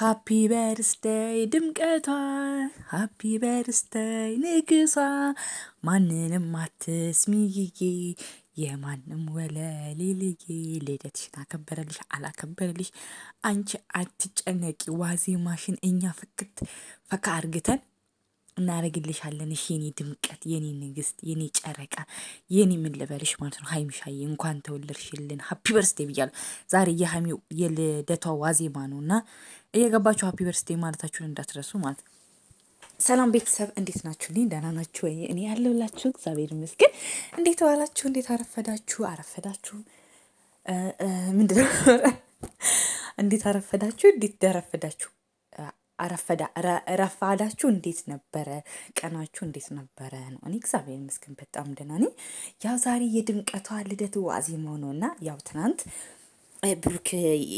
ሃፒ በርስደይ ድምቀቷ ሃፒ በርስደይ ንግሷ ማንንም አትስሚይዬ የማንም ወለሌ ልዬ ልደትሽን አከበረልሽ አላከበረልሽ አንቺ አትጨነቂ። ዋዜማሽን እኛ ፍክት ፈካ አርግተን እናደርግልሻለን። እሺ የኔ ድምቀት፣ የኔ ንግስት፣ የኔ ጨረቃ፣ የኔ ምን ልበልሽ ማለት ነው። ሀይሚሻዬ እንኳን ተወለድሽልን ሀፒ በርስቴ ብያለሁ። ዛሬ የሀሚው የልደቷ ዋዜማ ነው እና እየገባችሁ ሀፒ በርስቴ ማለታችሁን እንዳትረሱ ማለት ነው። ሰላም ቤተሰብ እንዴት ናችሁ? ልኝ ደህና ናችሁ ወይ? እኔ ያለሁላችሁ እግዚአብሔር ይመስገን። እንዴት ዋላችሁ? እንዴት አረፈዳችሁ? አረፈዳችሁ ምንድነው? እንዴት አረፈዳችሁ? እንዴት ደረፈዳችሁ? ረፋዳችሁ እንዴት ነበረ? ቀናችሁ እንዴት ነበረ ነው። እኔ እግዚአብሔር ይመስገን በጣም ደህና ነኝ። ያው ዛሬ የድምቀቷ ልደት ዋዜማው ነው እና ያው ትናንት ብሩክ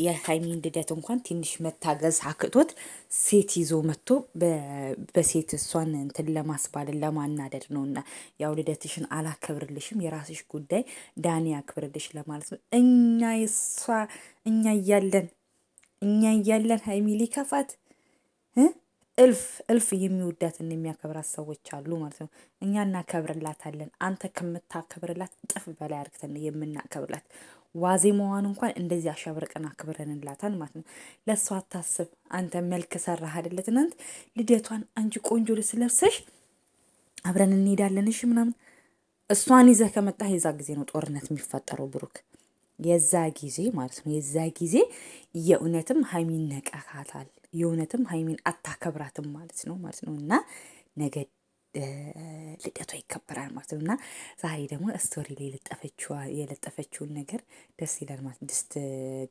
የሃይሚን ልደት እንኳን ትንሽ መታገዝ አክቶት ሴት ይዞ መጥቶ በሴት እሷን እንትን ለማስባልን ለማናደድ ነው እና ያው ልደትሽን አላከብርልሽም የራስሽ ጉዳይ ዳኒ አክብርልሽ ለማለት ነው። እኛ የሷ እኛ እያለን እኛ እያለን ሃይሚ ሊከፋት እልፍ እልፍ የሚወዳትን የሚያከብራት ሰዎች አሉ ማለት ነው። እኛ እናከብርላታለን አንተ ከምታከብርላት እጥፍ በላይ አድርገን የምናከብርላት ዋዜማዋን እንኳን እንደዚህ አሸብርቀን አክብረንላታል ማለት ነው። ለእሷ አታስብ አንተ መልክ ሰራህ አይደለ ትናንት ልደቷን አንቺ ቆንጆ ልብስ ለብሰሽ አብረን እንሄዳለን ምናምን እሷን ይዘህ ከመጣህ የዛ ጊዜ ነው ጦርነት የሚፈጠረው ብሩክ የዛ ጊዜ ማለት ነው። የዛ ጊዜ የእውነትም ሀይሚን ነቀካታል፣ የእውነትም ሀይሚን አታከብራትም ማለት ነው ማለት ነው እና ነገ ልደቷ ይከበራል ማለት ነው እና ዛሬ ደግሞ ስቶሪ ላይ የለጠፈችውን ነገር ደስ ይላል ማለት ድስት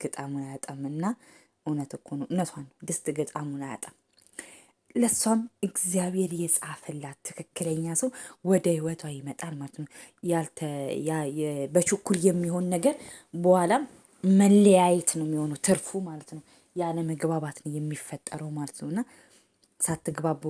ግጣሙን አያጣም እና እውነት እኮ ነው፣ እውነቷን ድስት ግጣሙን አያጣም። ለእሷም እግዚአብሔር የጻፈላት ትክክለኛ ሰው ወደ ህይወቷ ይመጣል ማለት ነው። በችኩል የሚሆን ነገር በኋላም መለያየት ነው የሚሆነው ትርፉ ማለት ነው። ያለ መግባባት ነው የሚፈጠረው ማለት ነው። እና ሳትግባቡ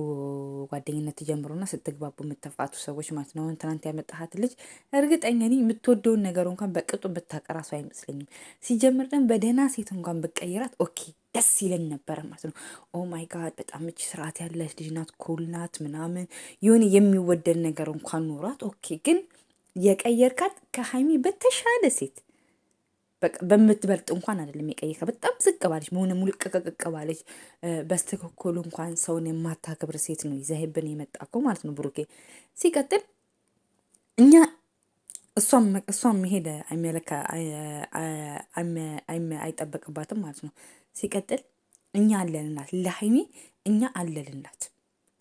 ጓደኝነት ጀምሮና ስትግባቡ የምትፋቱ ሰዎች ማለት ነው። አሁን ትናንት ያመጣሃት ልጅ እርግጠኛ ነኝ የምትወደውን ነገር እንኳን በቅጡ ብታቀራሱ አይመስለኝም። ሲጀምር ደግሞ በደህና ሴት እንኳን ብቀይራት ኦኬ ደስ ይለን ነበረ ማለት ነው። ኦ ማይ ጋድ በጣም እች ስርዓት ያለች ልጅ ናት፣ ኩል ናት ምናምን የሆነ የሚወደድ ነገር እንኳን ኖሯት ኦኬ። ግን የቀየርካት ከሀይሚ በተሻለ ሴት በምትበልጥ እንኳን አይደለም የቀየርካት። በጣም ዝቅ ባለች መሆነ ሙልቅቅቅ ባለች በስትክክሉ እንኳን ሰውን የማታከብር ሴት ነው ይዘህብን የመጣከው ማለት ነው ብሩኬ። ሲቀጥል እኛ እሷም መሄድ አይጠበቅባትም ማለት ነው። ሲቀጥል እኛ አለንላት ለሀይሚ እኛ አለንላት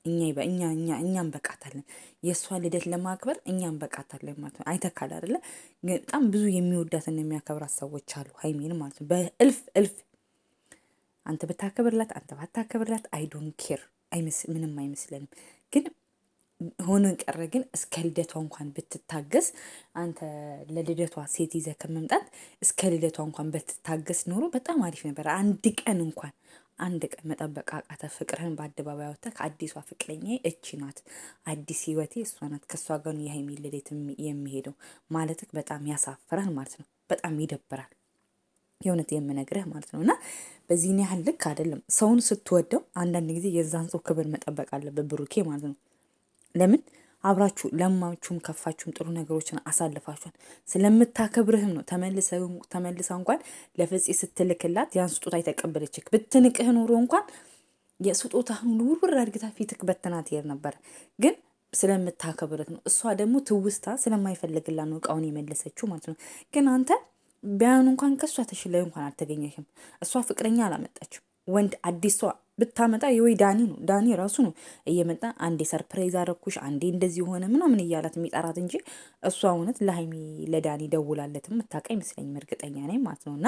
እኛ እኛ እኛ እኛ እንበቃታለን የእሷ ልደት ለማክበር እኛ እንበቃታለን ማለት ነው። አይተካል ግን በጣም ብዙ የሚወዳትን የሚያከብራት ሰዎች አሉ ሀይሚን ማለት ነው። በእልፍ እልፍ አንተ ብታከብርላት አንተ ባታከብርላት አይዶን ኬር ምንም አይመስለንም ግን ሆነን ቀረ። ግን እስከ ልደቷ እንኳን ብትታገስ አንተ ለልደቷ ሴት ይዘህ ከመምጣት እስከ ልደቷ እንኳን ብትታገስ ኖሮ በጣም አሪፍ ነበር። አንድ ቀን እንኳን አንድ ቀን መጠበቅ አቃተ። ፍቅርህን በአደባባይ አወጥተህ ከአዲሷ ፍቅረኛ እቺ ናት፣ አዲስ ህይወቴ እሷ ናት፣ ከእሷ ጋር ነው የሀይሚ ልደት የሚሄደው ማለትህ በጣም ያሳፍራል ማለት ነው። በጣም ይደብራል። የእውነት የምነግርህ ማለት ነው። እና በዚህን ያህል ልክ አይደለም። ሰውን ስትወደው አንዳንድ ጊዜ የዛን ሰው ክብር መጠበቅ አለበት ብሩኬ ማለት ነው። ለምን አብራችሁ ለማችሁም ከፋችሁም ጥሩ ነገሮችን አሳልፋችኋል። ስለምታከብርህም ነው። ተመልሰ እንኳን ለፍጼ ስትልክላት ያን ስጦታ የተቀበለችክ ብትንቅህ ኖሮ እንኳን የስጦታህን ውርውር አድግታ ፊትክ በትናት ትሄድ ነበር። ግን ስለምታከብርህ ነው። እሷ ደግሞ ትውስታ ስለማይፈልግላት ነው እቃውን የመለሰችው ማለት ነው። ግን አንተ ቢያኑ እንኳን ከእሷ ተሽለህ እንኳን አልተገኘህም። እሷ ፍቅረኛ አላመጣችም። ወንድ አዲስ ሰው ብታመጣ የወይ ዳኒ ነው ዳኒ ራሱ ነው እየመጣ አንዴ ሰርፕራይዝ አረኩሽ፣ አንዴ እንደዚህ ሆነ ምናምን እያላት የሚጠራት እንጂ እሷ እውነት ለሀይሚ ለዳኒ ደውላለትም የምታውቅ አይመስለኝም። እርግጠኛ ነኝ ማለት ነው እና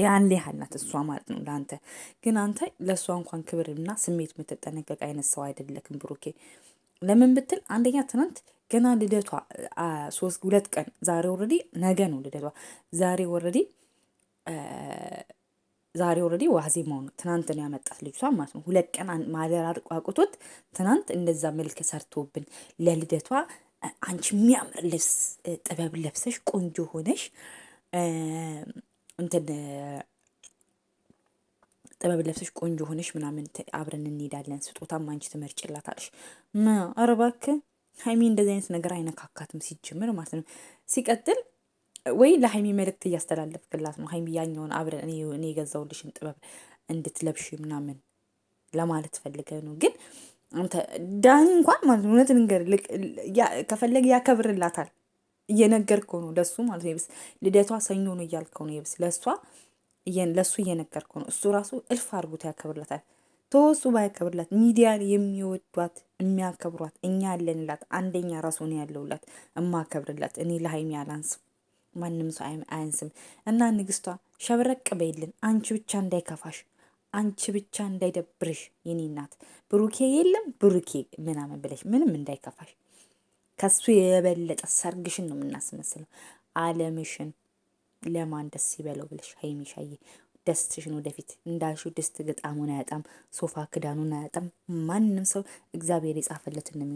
ያን ያህል ናት እሷ ማለት ነው ለአንተ። ግን አንተ ለእሷ እንኳን ክብርና ስሜት የምትጠነቀቅ አይነት ሰው አይደለክም ብሩኬ። ለምን ብትል አንደኛ ትናንት ገና ልደቷ ሶስት ሁለት ቀን ዛሬ ወረዲ ነገ ነው ልደቷ ዛሬ ወረዲ ዛሬ ኦልሬዲ ዋዜማው ነው። ትናንት ነው ያመጣት ልጅቷ ማለት ነው። ሁለት ቀን ማደር አርቋቁቶት ትናንት እንደዛ መልክ ሰርቶብን ለልደቷ አንቺ የሚያምር ልብስ ጥበብ ለብሰሽ ቆንጆ ሆነሽ እንትን ጥበብ ለብሰሽ ቆንጆ ሆነሽ ምናምን አብረን እንሄዳለን፣ ስጦታም አንቺ ትመርጭላታለሽ። ኧረ እባክህ ሀይሚ እንደዚህ አይነት ነገር አይነካካትም ሲጀምር ማለት ነው ሲቀጥል ወይ ለሀይሚ መልእክት እያስተላለፍክላት ነው። ሀይሚ ያኛውን አብረን እኔ የገዛውልሽን ጥበብ እንድትለብሽ ምናምን ለማለት ፈልገ ነው። ግን አንተ ዳኒ እንኳን ማለት ነው እውነት ንገር ከፈለገ ያከብርላታል። እየነገርከው ነው ለሱ ማለት ነው። የብስ ልደቷ ሰኞ ነው እያልከው ነው። የብስ ለእሷ ለእሱ እየነገርከው ነው። እሱ ራሱ እልፍ አድርጎት ያከብርላታል። ተወሱ ባያከብርላት ሚዲያ የሚወዷት የሚያከብሯት እኛ ያለንላት አንደኛ ራሱ ነው ያለውላት እማከብርላት እኔ ለሀይሚ አላንስም። ማንም ሰው አያንስም። እና ንግስቷ ሸብረቅ በይልን፣ አንቺ ብቻ እንዳይከፋሽ፣ አንቺ ብቻ እንዳይደብርሽ የኔ እናት፣ ብሩኬ የለም ብሩኬ ምናምን ብለሽ ምንም እንዳይከፋሽ። ከሱ የበለጠ ሰርግሽን ነው የምናስመስለው። አለምሽን ለማን ደስ ይበለው ብለሽ ሀይሚሻዬ ደስትሽን ወደፊት እንዳልሽው ድስት ግጣሙን አያጣም፣ ሶፋ ክዳኑን አያጣም። ማንም ሰው እግዚአብሔር የጻፈለትን ነው